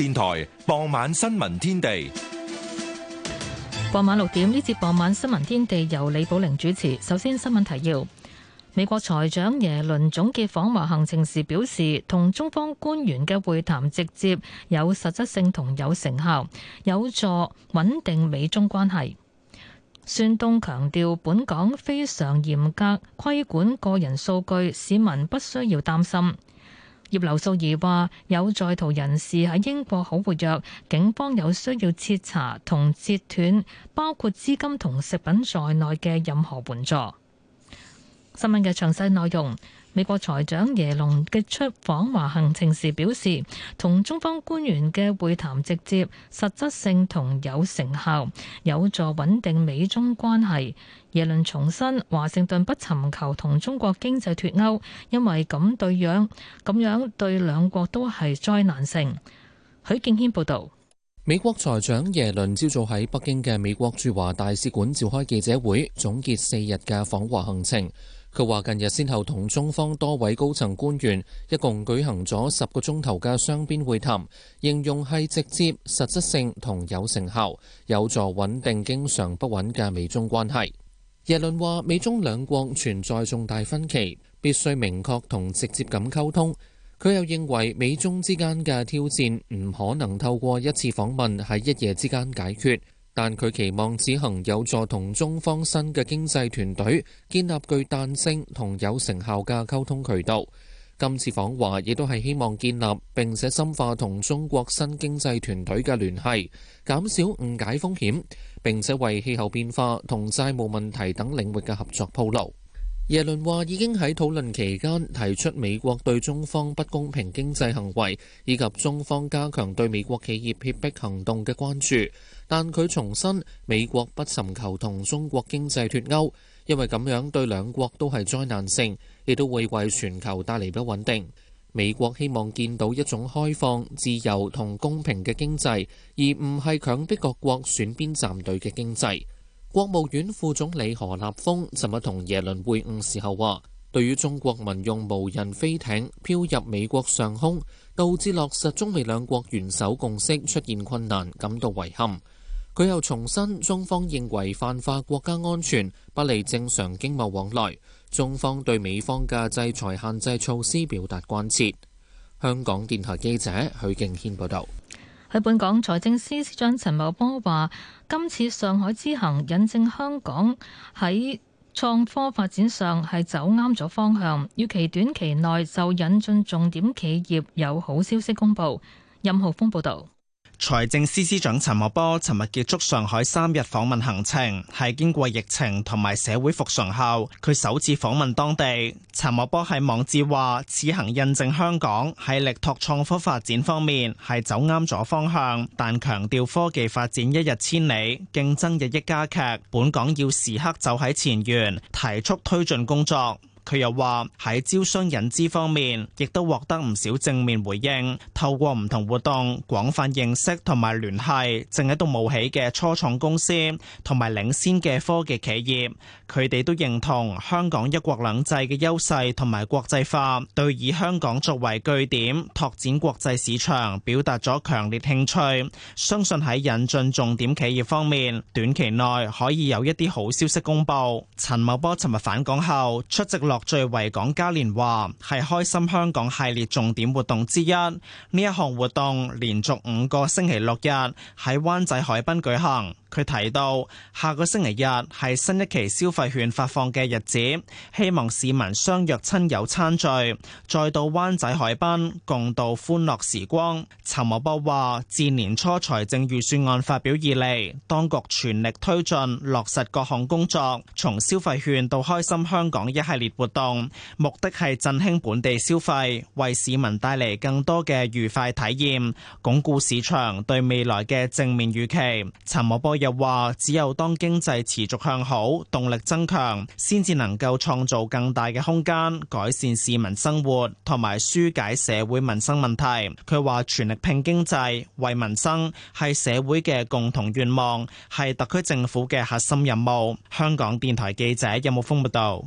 電台傍晚新聞天地，傍晚六點呢節傍晚新聞天地由李寶玲主持。首先新聞提要：美國財長耶倫總結訪華行程時表示，同中方官員嘅會談直接有實質性同有成效，有助穩定美中關係。孫東強調，本港非常嚴格規管個人數據，市民不需要擔心。葉劉淑儀話：有在逃人士喺英國好活躍，警方有需要徹查同截斷，包括資金同食品在內嘅任何援助。新聞嘅詳細內容。美國財長耶倫嘅出訪華行程時表示，同中方官員嘅會談直接、實質性同有成效，有助穩定美中關係。耶倫重申，華盛頓不尋求同中國經濟脫鉤，因為咁樣對，咁樣對兩國都係災難性。許敬軒報導，美國財長耶倫朝早喺北京嘅美國駐華大使館召開記者會，總結四日嘅訪華行程。佢話：近日先後同中方多位高層官員一共舉行咗十個鐘頭嘅雙邊會談，形容係直接、實質性同有成效，有助穩定經常不穩嘅美中關係。耶倫話：美中兩國存在重大分歧，必須明確同直接咁溝通。佢又認為美中之間嘅挑戰唔可能透過一次訪問喺一夜之間解決。但佢期望此行有助同中方新嘅經濟團隊建立具彈性同有成效嘅溝通渠道。今次訪華亦都係希望建立並且深化同中國新經濟團隊嘅聯繫，減少誤解風險，並且為氣候變化同債務問題等領域嘅合作鋪路。耶倫話已經喺討論期間提出美國對中方不公平經濟行為，以及中方加強對美國企業脅迫行動嘅關注。但佢重申，美國不尋求同中國經濟脱鈎，因為咁樣對兩國都係災難性，亦都會為全球帶嚟不穩定。美國希望見到一種開放、自由同公平嘅經濟，而唔係強迫各國選邊站隊嘅經濟。國務院副總理何立峰琴日同耶倫會晤時候話，對於中國民用無人飛艇飄入美國上空，導致落實中美兩國元首共識出現困難，感到遺憾。佢又重申，中方認為泛化國家安全，不利正常經貿往來，中方對美方嘅制裁限制措施表達關切。香港電台記者許敬軒報道。喺本港，財政司司長陳茂波話，今次上海之行引證香港喺創科發展上係走啱咗方向，預期短期內就引進重點企業有好消息公布。任浩峰報道。財政司司長陳茂波尋日結束上海三日訪問行程，係經過疫情同埋社會復常後，佢首次訪問當地。陳茂波喺網誌話，此行印證香港喺力拓創科發展方面係走啱咗方向，但強調科技發展一日千里，競爭日益加劇，本港要時刻走喺前沿，提速推進工作。佢又話喺招商引資方面，亦都獲得唔少正面回應。透過唔同活動，廣泛認識同埋聯繫正喺度冒起嘅初創公司同埋領先嘅科技企業，佢哋都認同香港一國兩制嘅優勢同埋國際化，對以香港作為據點拓展國際市場，表達咗強烈興趣。相信喺引進重點企業方面，短期內可以有一啲好消息公佈。陳茂波尋日返港後，出席落。最惠港嘉年華係開心香港系列重點活動之一，呢一項活動連續五個星期六日喺灣仔海濱舉行。佢提到，下個星期日係新一期消費券發放嘅日子，希望市民相約親友餐聚，再到灣仔海濱共度歡樂時光。陳茂波話自年初財政預算案發表以嚟，當局全力推進落實各項工作，從消費券到開心香港一系列活動目的係振興本地消費，為市民帶嚟更多嘅愉快體驗，鞏固市場對未來嘅正面預期。陳茂波。又話只有當經濟持續向好，動力增強，先至能夠創造更大嘅空間，改善市民生活，同埋紓解社會民生問題。佢話全力拼經濟，為民生，係社會嘅共同願望，係特區政府嘅核心任務。香港電台記者任木峯報道。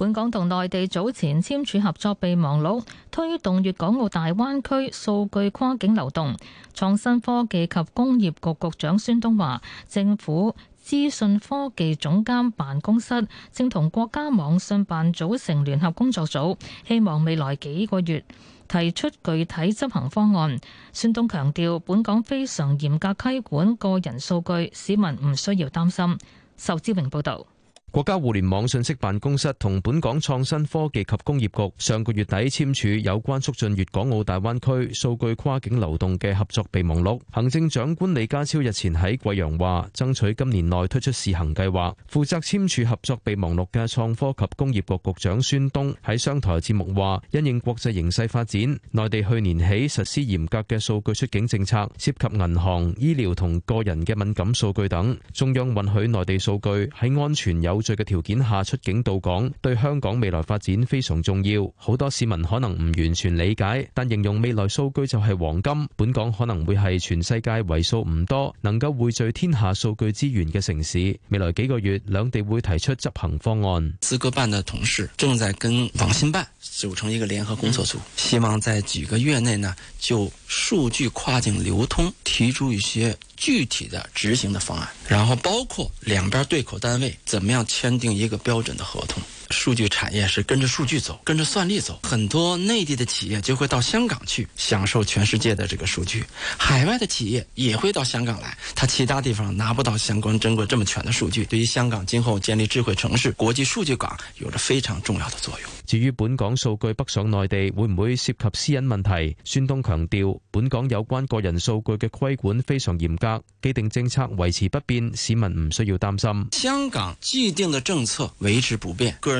本港同內地早前簽署合作備忘錄，推動粵港澳大灣區數據跨境流動。創新科技及工業局局長孫東話，政府資訊科技總監辦公室正同國家網信辦組成聯合工作組，希望未來幾個月提出具體執行方案。孫東強調，本港非常嚴格規管個人數據，市民唔需要擔心。仇志榮報導。國家互聯網信息辦公室同本港創新科技及工業局上個月底簽署有關促進粵港澳大灣區數據跨境流動嘅合作備忘錄。行政長官李家超日前喺貴陽話，爭取今年內推出試行計劃。負責簽署合作備忘錄嘅創科及工業局局長孫東喺商台節目話，因應國際形勢發展，內地去年起實施嚴格嘅數據出境政策，涉及銀行、醫療同個人嘅敏感數據等。中央允許內地數據喺安全有罪嘅條件下出境到港，對香港未來發展非常重要。好多市民可能唔完全理解，但形容未來數據就係黃金，本港可能會係全世界為數唔多能夠匯聚天下數據資源嘅城市。未來幾個月，兩地會提出執行方案。資格辦的同事正在跟網信辦組成一個聯合工作組，希望在幾個月內呢，就數據跨境流通提出一些具體的執行的方案。然後，包括兩邊對口單位，怎麼樣簽訂一個標準的合同。數據產業是跟着數據走，跟着算力走。很多內地的企業就會到香港去享受全世界的這個數據，海外的企業也會到香港來。他其他地方拿不到相關珍貴這麼全的數據。對於香港今後建立智慧城市、國際數據港，有着非常重要的作用。至於本港數據北上內地會唔會涉及私隱問題，孫東強調，本港有關個人數據嘅規管非常嚴格，既定政策維持不變，市民唔需要擔心。香港既定的政策維持不變，個人。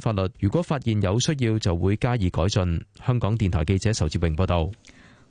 法律，如果發現有需要，就會加以改進。香港電台記者仇志榮報道，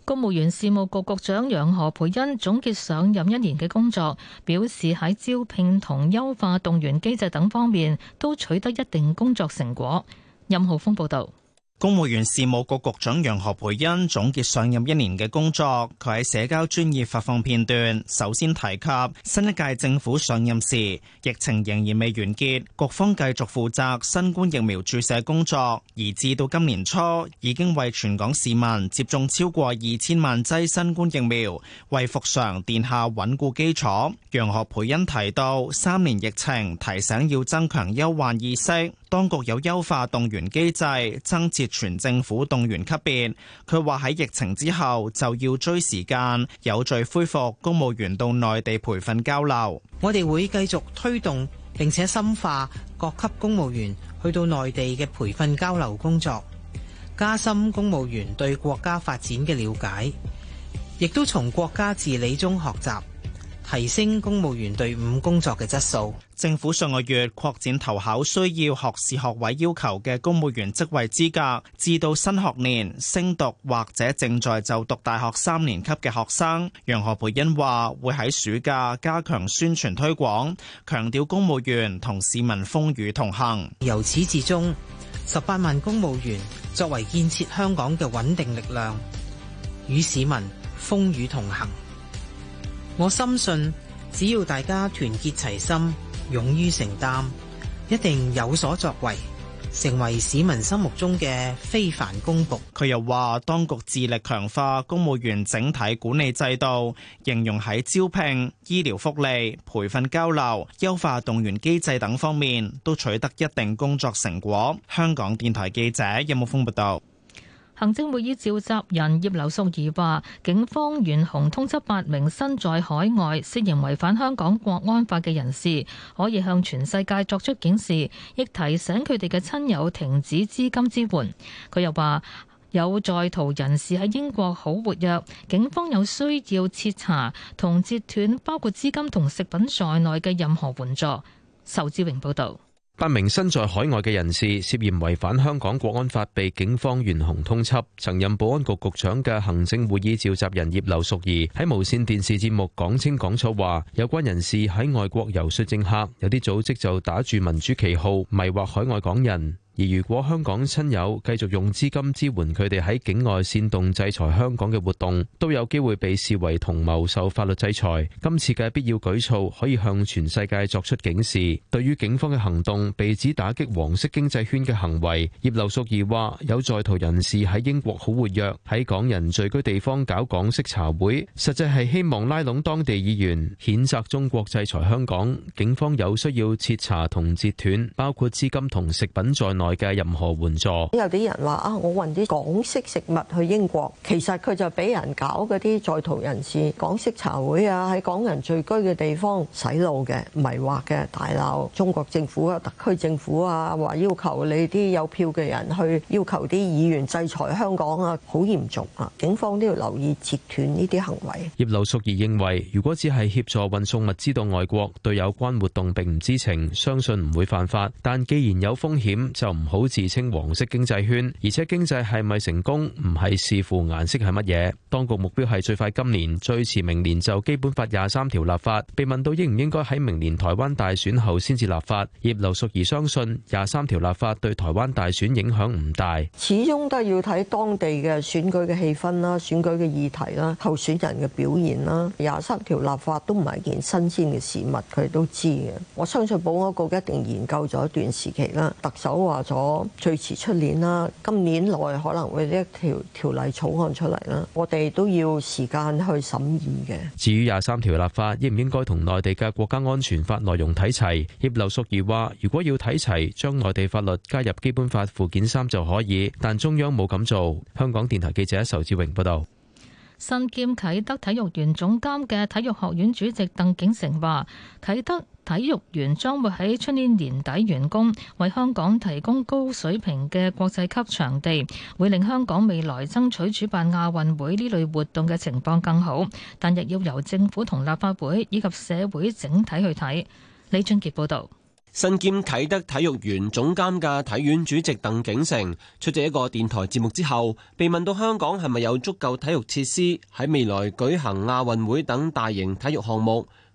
公務員事務局局長楊何培恩總結上任一年嘅工作，表示喺招聘同優化動員機制等方面都取得一定工作成果。任浩峰報道。公務員事務局局，局長楊何蓓茵總結上任一年嘅工作，佢喺社交專業發放片段，首先提及新一屆政府上任時，疫情仍然未完結，局方繼續負責新冠疫苗注射工作，而至到今年初，已經為全港市民接種超過二千萬劑新冠疫苗為服，為復常奠下穩固基礎。楊何蓓茵提到，三年疫情提醒要增強憂患意識。當局有優化動員機制，增設全政府動員級別。佢話喺疫情之後就要追時間，有序恢復公務員到內地培訓交流。我哋會繼續推動並且深化各級公務員去到內地嘅培訓交流工作，加深公務員對國家發展嘅了解，亦都從國家治理中學習。提升公務員隊伍工作嘅質素。政府上個月擴展投考需要學士學位要求嘅公務員職位資格，至到新學年升讀或者正在就讀大學三年級嘅學生。楊何培恩話：會喺暑假加強宣傳推廣，強調公務員同市民風雨同行。由始至終，十八萬公務員作為建設香港嘅穩定力量，與市民風雨同行。我深信，只要大家團結齊心、勇於承擔，一定有所作為，成為市民心目中嘅非凡公僕。佢又話，當局致力強化公務員整體管理制度，形容喺招聘、醫療福利、培訓交流、優化動員機制等方面都取得一定工作成果。香港電台記者任木峯報道。行政會議召集人葉劉淑儀話：警方懸紅通緝八名身在海外涉嫌違反香港國安法嘅人士，可以向全世界作出警示，亦提醒佢哋嘅親友停止資金支援。佢又話：有在逃人士喺英國好活躍，警方有需要徹查同截斷包括資金同食品在內嘅任何援助。仇志榮報道。八名身在海外嘅人士涉嫌違反香港國安法，被警方懸紅通緝。曾任保安局局長嘅行政會議召集人葉劉淑儀喺無綫電視節目講清講楚話，有關人士喺外國遊說政客，有啲組織就打住民主旗號，迷惑海外港人。而如果香港親友繼續用資金支援佢哋喺境外煽動制裁香港嘅活動，都有機會被視為同謀受法律制裁。今次嘅必要舉措可以向全世界作出警示。對於警方嘅行動，被指打擊黃色經濟圈嘅行為，葉劉淑儀話：有在逃人士喺英國好活躍，喺港人聚居地方搞港式茶會，實際係希望拉攏當地議員譴責中國制裁香港。警方有需要徹查同截斷，包括資金同食品在內。外嘅任何援助，有啲人話啊，我運啲港式食物去英國，其實佢就俾人搞嗰啲在逃人士港式茶會啊，喺港人聚居嘅地方洗腦嘅、迷惑嘅，大鬧中國政府啊、特區政府啊，話要求你啲有票嘅人去要求啲議員制裁香港啊，好嚴重啊！警方都要留意截斷呢啲行為。葉劉淑儀認為，如果只係協助運送物資到外國，對有關活動並唔知情，相信唔會犯法，但既然有風險就唔好自稱黃色經濟圈，而且經濟係咪成功唔係視乎顏色係乜嘢。當局目標係最快今年，最遲明年就基本法廿三條立法。被問到應唔應該喺明年台灣大選後先至立法，葉劉淑儀相信廿三條立法對台灣大選影響唔大，始終都係要睇當地嘅選舉嘅氣氛啦、選舉嘅議題啦、候選人嘅表現啦。廿三條立法都唔係件新鮮嘅事物，佢都知嘅。我相信保安局一定研究咗一段時期啦。特首話。咗最遲出年啦，今年內可能會一條條例草案出嚟啦，我哋都要時間去審議嘅。至於廿三條立法應唔應該同內地嘅國家安全法內容睇齊？葉劉淑儀話：如果要睇齊，將內地法律加入基本法附件三就可以，但中央冇咁做。香港電台記者仇志榮報導。身兼啟德體育園總監嘅體育學院主席鄧景成話：啟德體育園將會喺出年年底完工，為香港提供高水平嘅國際級場地，會令香港未來爭取主辦亞運會呢類活動嘅情況更好。但亦要由政府同立法會以及社會整體去睇。李俊傑報導，身兼啟德體育園總監嘅體院主席鄧景成出席一個電台節目之後，被問到香港係咪有足夠體育設施喺未來舉行亞運會等大型體育項目？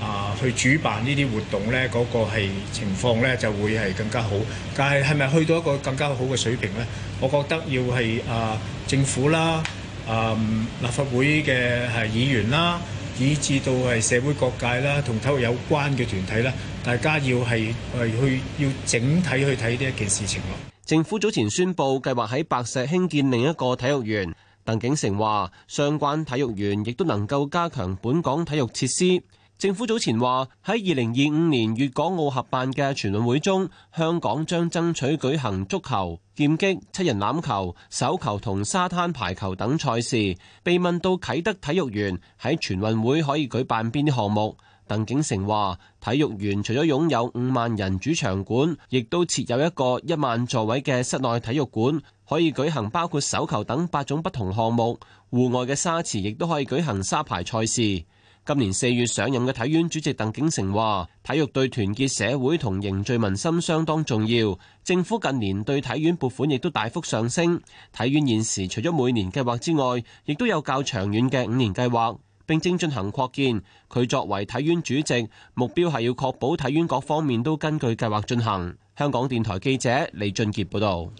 啊！去主辦呢啲活動呢，嗰、那個係情況呢就會係更加好。但係係咪去到一個更加好嘅水平呢？我覺得要係啊、呃，政府啦啊、呃，立法會嘅係議員啦，以至到係社會各界啦，同體育有關嘅團體啦，大家要係去、呃、要整體去睇呢一件事情囉。政府早前宣布計劃喺白石興建另一個體育園。鄧景成話：相關體育園亦都能夠加強本港體育設施。政府早前話，喺二零二五年粵港澳合辦嘅全運會中，香港將爭取舉行足球、劍擊、七人欖球、手球同沙灘排球等賽事。被問到啟德體育園喺全運會可以舉辦邊啲項目，鄧景成話，體育園除咗擁有五萬人主場館，亦都設有一個一萬座位嘅室內體育館，可以舉行包括手球等八種不同項目。戶外嘅沙池亦都可以舉行沙排賽事。今年四月上任嘅體院主席鄧景成話，體育對團結社會同凝聚民心相當重要。政府近年對體院撥款亦都大幅上升。體院現時除咗每年計劃之外，亦都有較長遠嘅五年計劃，並正進行擴建。佢作為體院主席，目標係要確保體院各方面都根據計劃進行。香港電台記者李俊傑報道。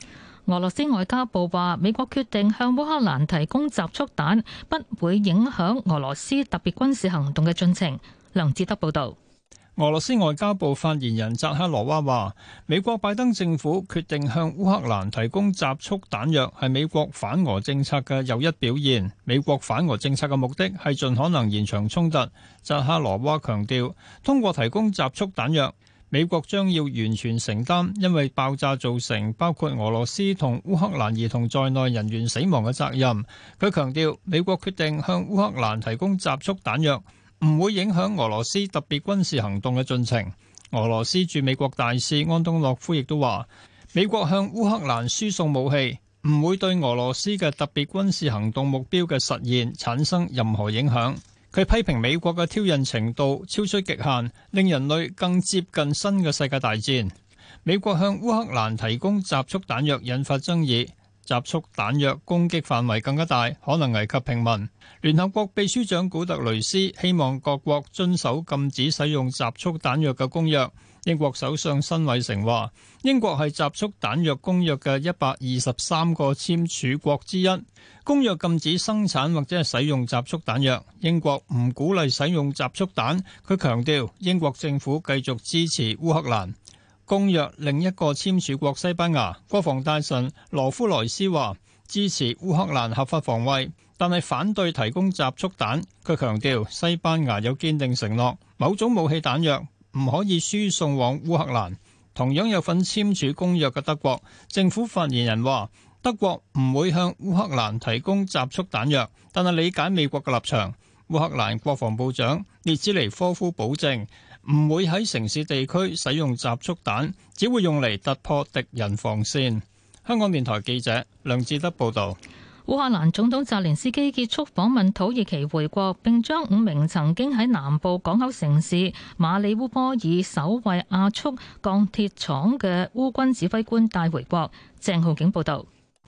俄羅斯外交部話，美國決定向烏克蘭提供集束彈，不會影響俄羅斯特別軍事行動嘅進程。梁志德報道。俄羅斯外交部發言人扎哈羅娃話，美國拜登政府決定向烏克蘭提供集束彈藥，係美國反俄政策嘅又一表現。美國反俄政策嘅目的係盡可能延長衝突。扎哈羅娃強調，通過提供集束彈藥。美國將要完全承擔因為爆炸造成包括俄羅斯同烏克蘭兒童在內人員死亡嘅責任。佢強調，美國決定向烏克蘭提供集束彈藥，唔會影響俄羅斯特別軍事行動嘅進程。俄羅斯駐美國大使安東諾夫亦都話：美國向烏克蘭輸送武器，唔會對俄羅斯嘅特別軍事行動目標嘅實現產生任何影響。佢批評美國嘅挑釁程度超出極限，令人類更接近新嘅世界大戰。美國向烏克蘭提供集束彈藥，引發爭議。集束彈藥攻擊範圍更加大，可能危及平民。聯合國秘書長古特雷斯希望各國遵守禁止使用集束彈藥嘅公約。英國首相辛偉誠話：英國係集束彈藥公約嘅一百二十三個簽署國之一，公約禁止生產或者係使用集束彈藥。英國唔鼓勵使用集束彈，佢強調英國政府繼續支持烏克蘭。公約另一個簽署國西班牙國防大臣羅夫萊斯話：支持烏克蘭合法防衛，但係反對提供集束彈。佢強調西班牙有堅定承諾，某種武器彈藥。唔可以輸送往烏克蘭。同樣有份簽署公約嘅德國政府發言人話：德國唔會向烏克蘭提供集束彈藥，但係理解美國嘅立場。烏克蘭國防部長列茲尼科夫保證，唔會喺城市地區使用集束彈，只會用嚟突破敵人防線。香港電台記者梁志德報導。烏克蘭總統澤連斯基結束訪問土耳其回國，並將五名曾經喺南部港口城市馬里烏波爾守衛亞速鋼鐵廠嘅烏軍指揮官帶回國。鄭浩景報道：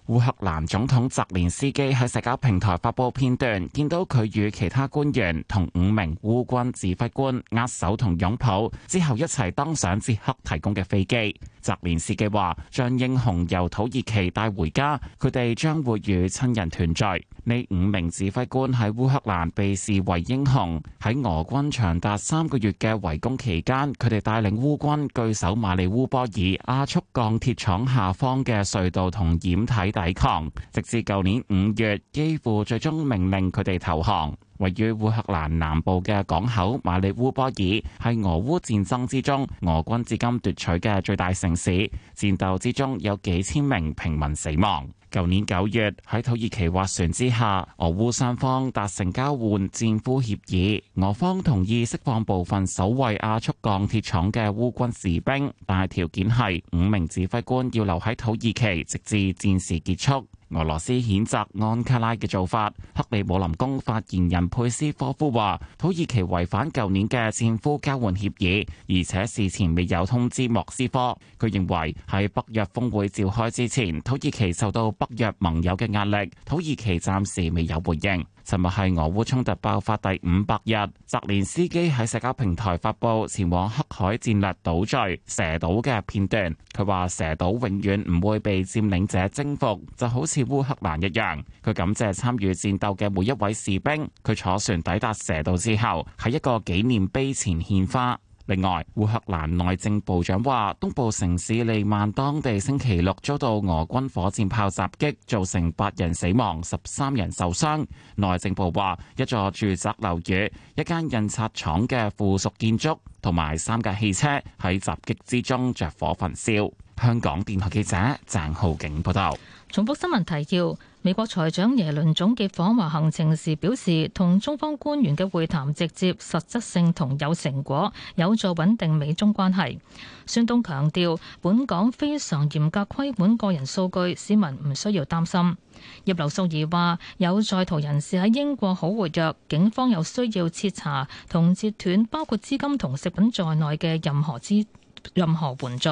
烏克蘭總統澤連斯基喺社交平台發佈片段，見到佢與其他官員同五名烏軍指揮官握手同擁抱，之後一齊登上捷克提供嘅飛機。澤連斯基話將英雄由土耳其帶回家，佢哋將會與親人團聚。呢五名指揮官喺烏克蘭被視為英雄，喺俄軍長達三個月嘅圍攻期間，佢哋帶領烏軍據守馬里烏波爾阿速鋼鐵廠下方嘅隧道同掩體抵抗，直至舊年五月，幾乎最終命令佢哋投降。位於烏克蘭南部嘅港口馬里烏波爾，係俄烏戰爭之中俄軍至今奪取嘅最大城市。戰鬥之中有幾千名平民死亡。舊年九月喺土耳其斡旋之下，俄烏三方達成交換戰俘協議，俄方同意釋放部分守衛亞速鋼鐵廠嘅烏軍士兵，但係條件係五名指揮官要留喺土耳其直至戰事結束。俄羅斯譴責安卡拉嘅做法。克里姆林宮發言人佩斯科夫話：土耳其違反舊年嘅戰俘交換協議，而且事前未有通知莫斯科。佢認為喺北約峰會召開之前，土耳其受到北約盟友嘅壓力。土耳其暫時未有回應。尋日係俄烏衝突爆發第五百日，澤連斯基喺社交平台發布前往黑海戰略島嶼蛇島嘅片段。佢話蛇島永遠唔會被佔領者征服，就好似烏克蘭一樣。佢感謝參與戰鬥嘅每一位士兵。佢坐船抵達蛇島之後，喺一個紀念碑前獻花。另外，烏克蘭內政部長話，東部城市利曼當地星期六遭到俄軍火箭炮襲擊，造成八人死亡、十三人受傷。內政部話，一座住宅樓宇、一間印刷廠嘅附屬建築同埋三架汽車喺襲擊之中着火焚燒。香港電台記者鄭浩景報道。重複新聞提要。美國財長耶倫總結訪華行程時表示，同中方官員嘅會談直接、實質性同有成果，有助穩定美中關係。孫東強調，本港非常嚴格規管個人數據，市民唔需要擔心。葉劉淑儀話，有在逃人士喺英國好活躍，警方有需要徹查同截斷，包括資金同食品在內嘅任何資任何援助。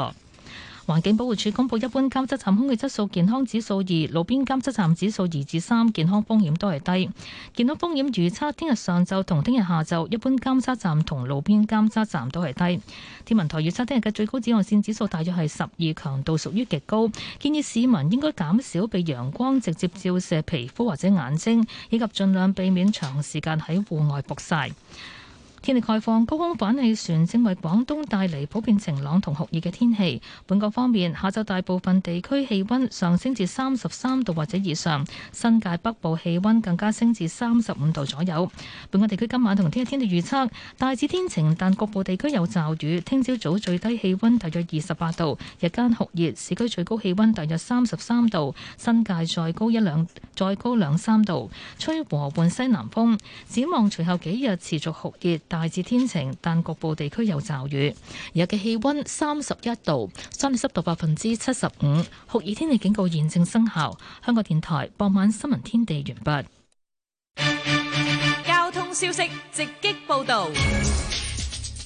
環境保護署公布一般監測站空氣質素健康指數二，路邊監測站指數二至三，健康風險都係低。健康風險預測，聽日上晝同聽日下晝，一般監測站同路邊監測站都係低。天文台預測聽日嘅最高紫外線指數大約係十二，強度屬於極高，建議市民應該減少被陽光直接照射皮膚或者眼睛，以及盡量避免長時間喺戶外曝晒。天氣概況，高空反氣旋正為廣東帶嚟普遍晴朗同酷熱嘅天氣。本港方面，下晝，大部分地區氣溫上升至三十三度或者以上，新界北部氣溫更加升至三十五度左右。本港地區今晚同聽日天氣預測大致天晴，但局部地區有驟雨。聽朝早最低氣溫大約二十八度，日間酷熱，市區最高氣溫大約三十三度，新界再高一兩再高兩三度，吹和緩西南風。展望隨後幾日持續酷熱。大致天晴，但局部地區有驟雨。日嘅氣温三十一度，濕度百分之七十五，酷熱天氣警告現正生效。香港電台傍晚新聞天地完畢。交通消息直擊報導：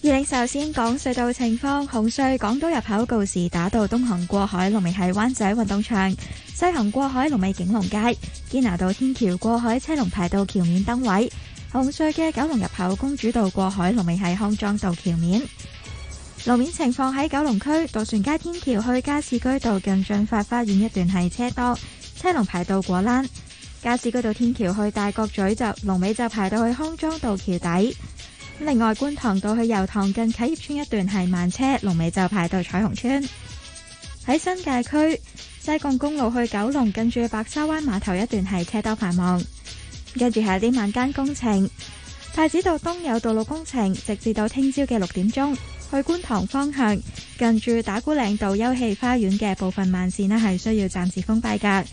二零。首先講隧道情況，紅隧港島入口告示打到東行過海龍尾喺灣仔運動場，西行過海龍尾景龍街，堅拿道天橋過海車龍排到橋面燈位。紅隧嘅九龍入口公主道過海龍尾係康莊道橋面，路面情況喺九龍區渡船街天橋去加士居道近駿發花園一段係車多，車龍排到果欄；加士居道天橋去大角咀就龍尾就排到去康莊道橋底。另外，觀塘道去油塘近啟業村一段係慢車，龍尾就排到彩虹村。喺新界區西貢公路去九龍近住白沙灣碼頭一段係車多繁忙。跟住係啲晚間工程，太子道東有道路工程，直至到聽朝嘅六點鐘，去觀塘方向近住打鼓嶺道休憩花園嘅部分慢線呢，係需要暫時封閉噶。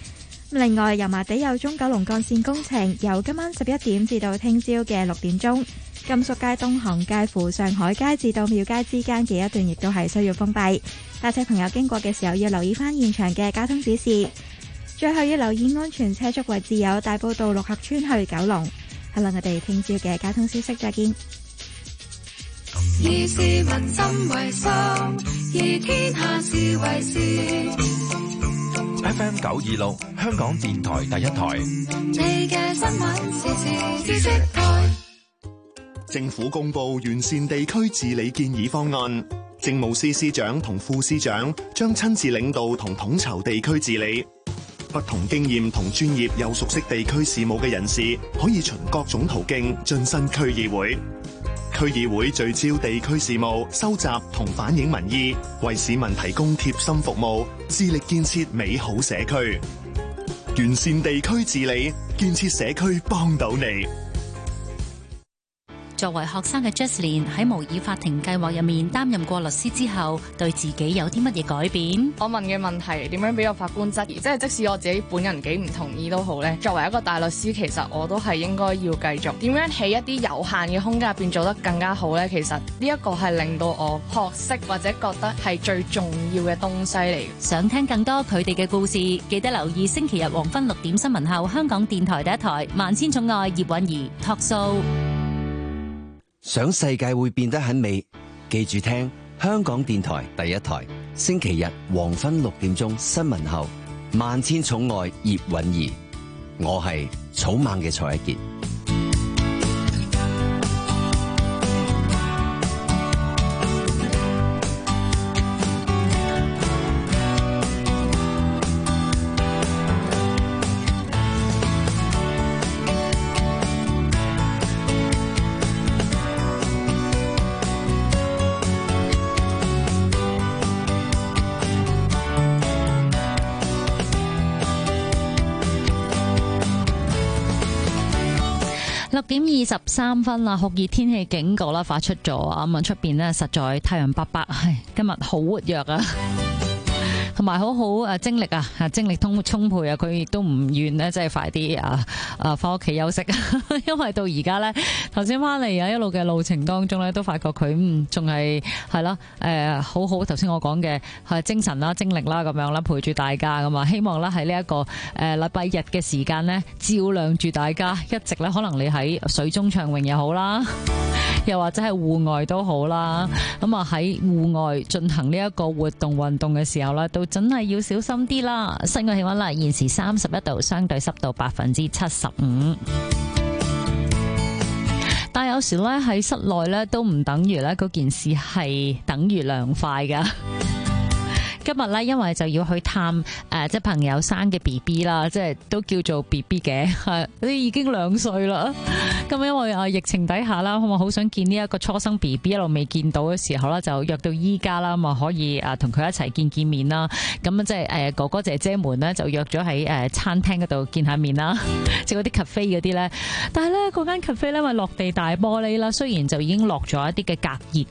另外油麻地有中九龍幹線工程，由今晚十一點至到聽朝嘅六點鐘，甘肅街東行介乎上海街至到廟街之間嘅一段亦都係需要封閉。駕車朋友經過嘅時候要留意翻現場嘅交通指示。最後要留意安全車速位自由，大埔到六合村去九龍。好啦，我哋聽朝嘅交通消息再見。以市民心為心，以天下事為事，F M 九二六香港電台第一台。時時時時政府公布完善地區治理建議方案，政務司司長同副司長將親自領導同統籌地區治理。不同經驗同專業又熟悉地區事務嘅人士，可以循各種途徑晉身區議會。區議會聚焦地區事務，收集同反映民意，為市民提供貼心服務，致力建設美好社區，完善地區治理，建設社區，幫到你。作為學生嘅 Jasleen 喺模擬法庭計劃入面擔任過律師之後，對自己有啲乜嘢改變？我問嘅問題點樣俾我法官質疑？即係即使我自己本人幾唔同意都好咧。作為一個大律師，其實我都係應該要繼續點樣喺一啲有限嘅空間入邊做得更加好咧。其實呢一個係令到我學識或者覺得係最重要嘅東西嚟。想聽更多佢哋嘅故事，記得留意星期日黃昏六點新聞後，香港電台第一台《萬千寵愛葉蘊儀》Talk Show。想世界會變得很美，記住聽香港電台第一台，星期日黃昏六點鐘新聞後，萬千寵愛葉蘊儀，我係草蜢嘅蔡一傑。點二十三分啦，酷熱天氣警告啦，發出咗啊！咁啊，出邊咧實在太陽伯伯，係今日好活躍啊！同埋好好誒，精力啊，精力充充沛啊，佢亦都唔願呢，即係快啲啊啊，翻屋企休息。 因為到而家呢，頭先翻嚟啊，一路嘅路程當中呢，都發覺佢仲係係啦，誒、啊，呃、好好頭先我講嘅係精神啦、啊，精力啦、啊、咁樣啦，陪住大家咁啊，希望啦，喺呢一個誒禮拜日嘅時間呢，照亮住大家，一直呢，可能你喺水中暢泳又好啦。 又或者係戶外都好啦，咁啊喺戶外進行呢一個活動運動嘅時候呢都真係要小心啲啦。室外氣温咧現時三十一度，相對濕度百分之七十五。但有時咧喺室內咧都唔等於咧嗰件事係等於涼快噶。今日咧，因為就要去探誒、呃，即係朋友生嘅 B B 啦，即係都叫做 B B 嘅，係都已經兩歲啦。咁 因為啊，疫情底下啦，我好想見呢一個初生 B B，一路未見到嘅時候咧，就約到依家啦，咁啊可以誒同佢一齊見見面啦。咁即係誒、呃、哥哥姐姐們咧，就約咗喺誒餐廳嗰度見下面啦，即係嗰啲 cafe 嗰啲咧。但係咧嗰間 cafe 咧，咪落地大玻璃啦，雖然就已經落咗一啲嘅隔熱。